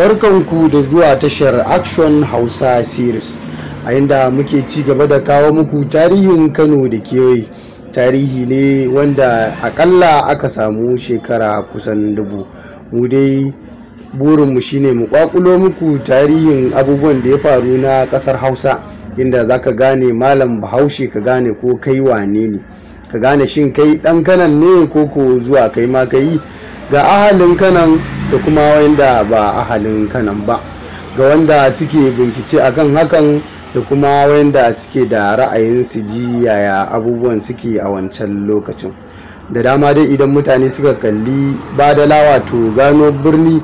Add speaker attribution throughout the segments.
Speaker 1: barkanku da zuwa tashar action hausa series a inda muke ci gaba da kawo muku tarihin kano da kewaye tarihi ne wanda akalla aka samu shekara kusan dubu mu dai burinmu shine mu kwakulo muku tarihin abubuwan da ya faru na kasar hausa inda za ka gane malam bahaushe ka gane ko kai wane ne ka gane shin kai dan kanan ne ko ko zuwa kai ma ka ga ahalin kanan da kuma wanda ba ahalin kanan ba ga wanda suke bincike akan hakan da kuma wanda suke da ra'ayin su ji yaya abubuwan suke a wancan lokacin da dama dai idan mutane suka kalli lawa to gano birni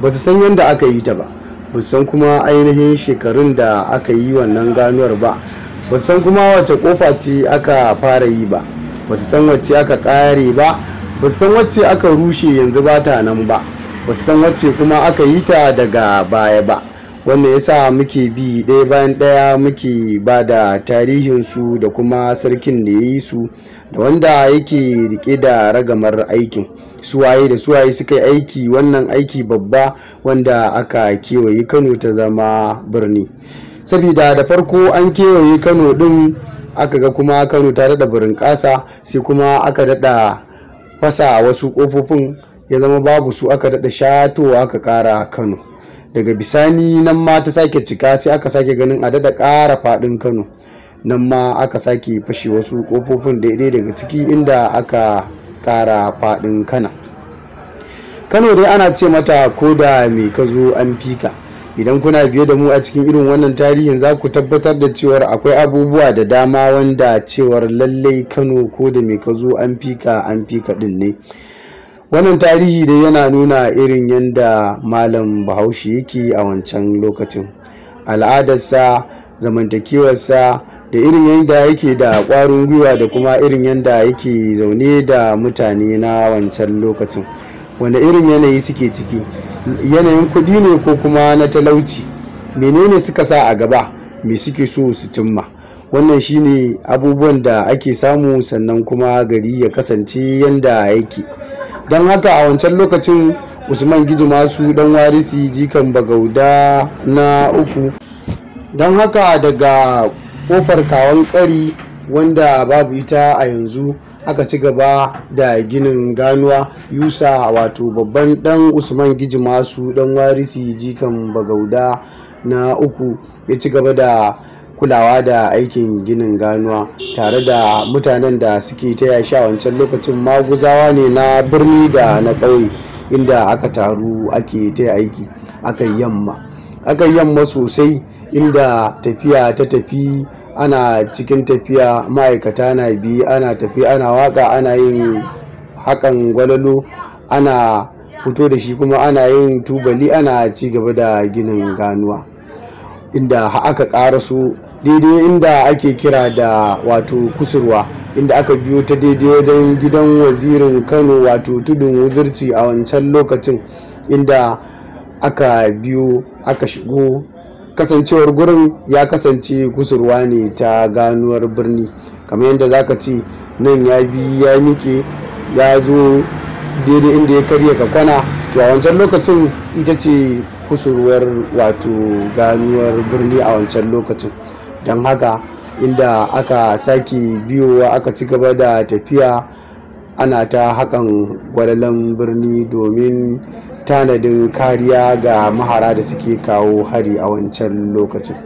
Speaker 1: ba su san yadda aka yi ta ba ba su san kuma ainihin shekarun da aka yi wannan ganuwar ba ba su san kuma wace kofa ce aka fara yi ba ba su san wacce aka kare ba ba su san wacce aka rushe yanzu ba ta nan ba ba san wacce kuma aka yi ta daga baya ba wanda ya sa muke bi ɗaya bayan ɗaya muke ba da tarihinsu da kuma sarkin da ya yi su da wanda yake rike da ragamar aikin suwaye da suwaye suka yi aiki wannan aiki babba wanda aka kewaye kano ta zama birni saboda da farko an kewaye kano ɗin aka ga kuma kano ta daɗa birin ƙasa sai kuma aka daɗa fasa wasu ƙofofin ya zama babu su aka daɗa shato aka kara kano daga bisani nan ma ta sake cika sai aka sake ganin a daɗa kara faɗin kano nan ma aka sake fashe wasu ƙofofin daidai daga ciki inda aka kara faɗin kana kano dai ana ce mata ko da mai ka zo an fika idan kuna biye da mu a cikin irin wannan tarihin za ku tabbatar da cewar akwai abubuwa da dama wanda cewar lallai kano ko da mai ka zo an fika an fika ɗin ne wannan tarihi dai yana nuna irin yadda malam bahaushe yake a wancan lokacin al'adarsa zamantakewarsa da irin yadda yake da kwarin gwiwa da kuma irin yadda yake zaune da mutane na wancan lokacin wanda irin yanayi suke ciki yanayin kuɗi ne ko kuma na talauci menene suka sa a gaba me suke so su cimma wannan shine abubuwan da ake samu sannan kuma gari ya kasance yadda yake don haka a wancan lokacin usman giji masu dan warisi jikan bagauda na uku don haka daga kofar kawan kari wanda babu ita a yanzu aka ci gaba da ginin ganuwa yusa wato babban dan usman giji masu dan warisi jikan bagauda na uku ya ci gaba da kulawa da aikin ginin ganuwa tare da mutanen da suke taya shi wancan lokacin maguzawa ne na birni da na ƙauye inda aka taru ake taya aiki aka yamma aka yamma sosai inda tafiya ta tafi ana cikin tafiya ma'aikata na bi ana tafi ana waka ana yin hakan gwalalo ana fito da shi kuma ana yin tubali ana ci gaba da ginin ganuwa inda aka su daidai inda ake kira da wato kusurwa inda aka biyo ta daidai wajen gidan wazirin kano wato tudun wuzirci a wancan lokacin inda aka biyo aka shigo kasancewar gurin ya kasance kusurwa ne ta ganuwar birni kamar yadda za ka ce nan ya bi ya miƙe ya zo daidai inda ya karya ka kwana to a wancan lokacin ita ce kusurwar wato ganuwar birni a wancan lokacin don haka inda aka sake biyowa aka ci gaba da tafiya ana ta hakan gwalalan birni domin tanadin kariya ga mahara da suke kawo hari a wancan lokacin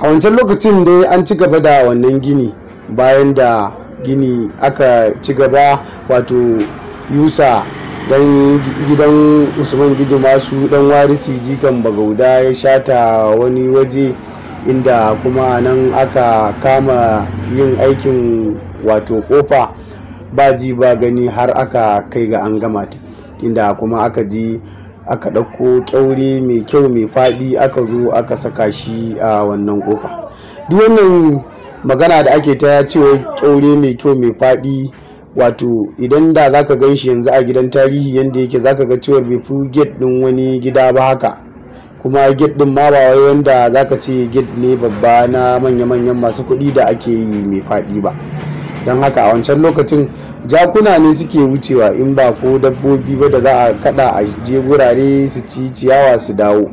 Speaker 1: a wancan lokacin dai an ci gaba da wannan gini bayan da gini aka ci gaba wato yusa dan gidan usman gidi masu dan warisi jikan bagauda ya shata wani waje inda kuma nan aka kama yin aikin wato kofa ba ji ba gani har aka kai ga an gama ta inda kuma aka ji aka ɗauko kyaure mai kyau mai faɗi aka zo aka saka shi a wannan kofa duk wannan magana da ake ta cewa kyaure mai kyau mai faɗi wato idan da zaka gan shi yanzu a gidan tarihi yadda yake zaka ga cewar bai fi gate din wani gida ba haka kuma gate din ma ba wai wanda zaka ce gate ne babba na manya-manyan masu kuɗi da ake yi mai faɗi ba don haka a wancan lokacin jakuna ne suke wucewa in ba ko dabbobi ba da za a kada a je gurare su ci ciyawa su dawo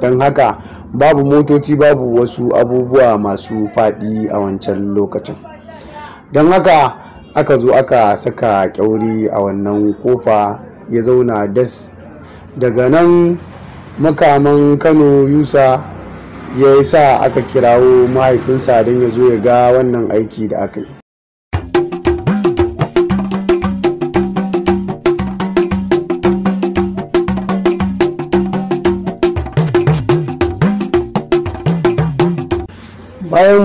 Speaker 1: don haka babu motoci babu wasu abubuwa masu faɗi a wancan lokacin don haka aka zo aka saka kyauri a wannan kofa ya zauna das daga nan makaman kano yusa ya yi sa aka kirawo mahaifinsa don ya zo ya ga wannan aiki da aka yi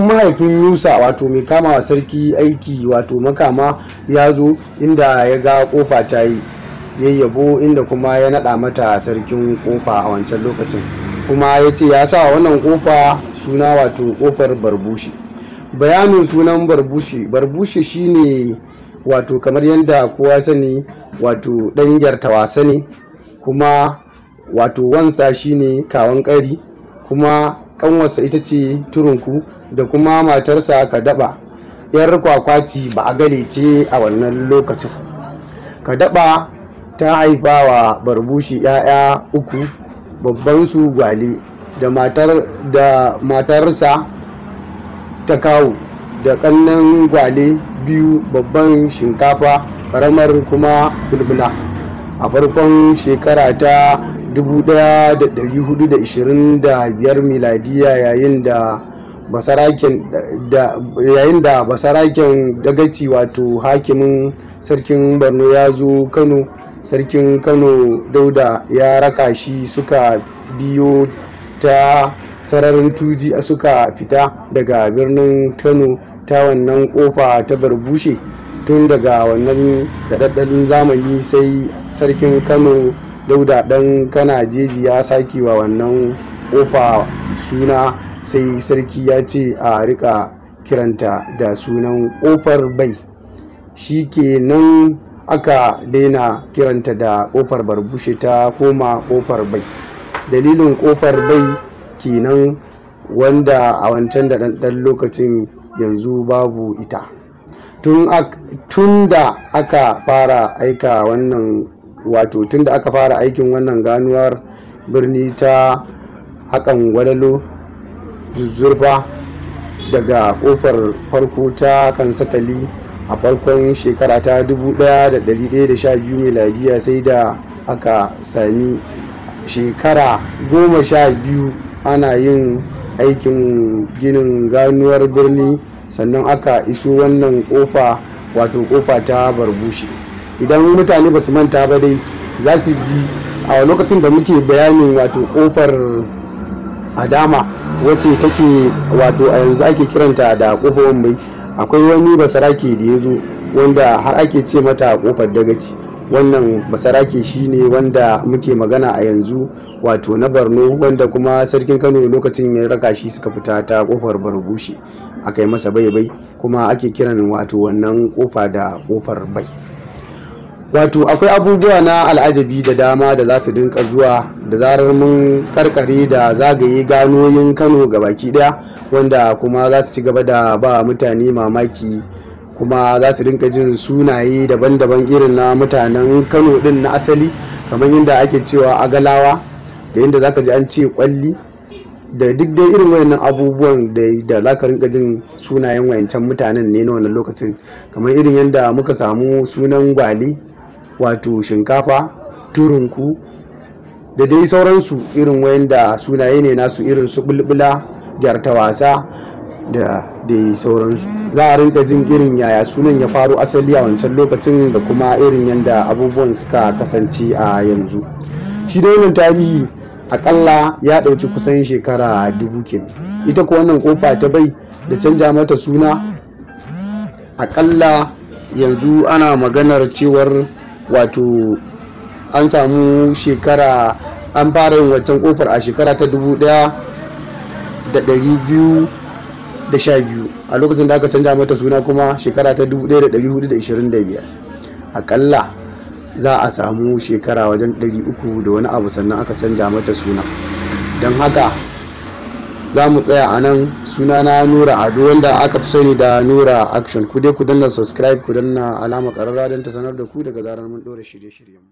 Speaker 1: mahaifin yusa wato mai kama wa sarki aiki wato makama ya zo inda ya ga kofa ta yi yayyabo inda kuma ya naɗa mata sarkin kofa a wancan lokacin kuma ya ce ya sa wannan kofa suna wato kofar barbushi bayanin sunan barbushi barbushi shine wato kamar yadda kowa sani wato ɗanyar tawasa ne kuma wato wansa shine kawan ƙari kuma kanwarsa ita ce turunku da kuma matarsa kadaba yar kwakwati ba a gane ce a wannan lokacin kadaba ta haifa wa barbushi 'ya'ya uku babbansu gwale da matarsa ta kawo da kannan gwale biyu babban shinkafa karamar kuma bulbula a farkon shekara ta 1425 miladiya yayin da basaraken dagaci wato hakimin sarkin borno ya zo kano sarkin kano dauda ya raka shi suka biyo ta sararin tuji suka fita daga birnin kano ta wannan kofa ta barbushe tun daga wannan daɗaɗɗen zamani sai sarkin kano dauda dan kana jeji ya saki wa wannan kofa suna sai sarki ya ce a rika kiranta da sunan kofar bai shi ke nan aka daina kiranta da kofar barbushe ta koma kofar bai dalilin kofar bai kenan wanda a wancan da ɗanɗan lokacin yanzu babu ita tun da aka fara aika wannan wato tun da aka fara aikin wannan ganuwar birni ta hakan gwalalo zuzzurfa daga kofar farko ta kan satali a farkon shekara ta 1112 miladiya sai da aka sami shekara goma sha biyu ana yin aikin ginin ganuwar birni sannan aka iso wannan kofa wato kofa ta barbushi idan mutane ba su manta ba dai za su ji a lokacin da muke bayanin wato kofar adama wacce take wato a yanzu ake kiranta da kofar wambai akwai wani basarake da ya zo wanda har ake ce mata kofar dagaci wannan basarake ne wanda muke magana a yanzu wato na borno wanda kuma sarkin kano lokacin ya raka shi suka fita ta kofar barbushi a kai masa bai bai kuma ake kiran wato wannan kofa da kofar bai wato akwai abubuwa na al'ajabi da dama da za su dinka zuwa da zarar mun karkare da zagaye ganoyin kano ga baki daya wanda kuma za su ci gaba da ba mutane mamaki kuma za su dinka jin sunaye daban-daban irin na mutanen kano din na asali kamar yadda ake cewa agalawa da yadda za ka ji an ce kwalli da duk dai irin wayannan abubuwan da za ka rinka jin sunayen wayancan mutanen ne na wannan lokacin kamar irin yadda muka samu sunan gwali wato shinkafa turunku da dai sauransu irin wayanda sunaye ne nasu irin su bulbula gyarta wasa da dai sauransu za a rinka jin irin yaya sunan ya faru asali a wancan lokacin da kuma irin yadda abubuwan suka kasance a yanzu shi da wannan tarihi akalla ya ɗauki kusan shekara dubu kenan ita ko wannan kofa ta bai da canja mata suna akalla yanzu ana maganar cewar wato an samu shekara an fara yin wancan kofar a shekara ta 1212 a lokacin da aka canja mata suna kuma shekara ta 1425 akalla za a samu shekara wajen 300 da wani abu sannan aka canja mata suna don haka za mu tsaya a nan suna na nura ado wanda aka fi sani da nura action ku dai ku danna subscribe ku danna alama karara don ta sanar da ku daga zarar mun ɗora shirye-shiryen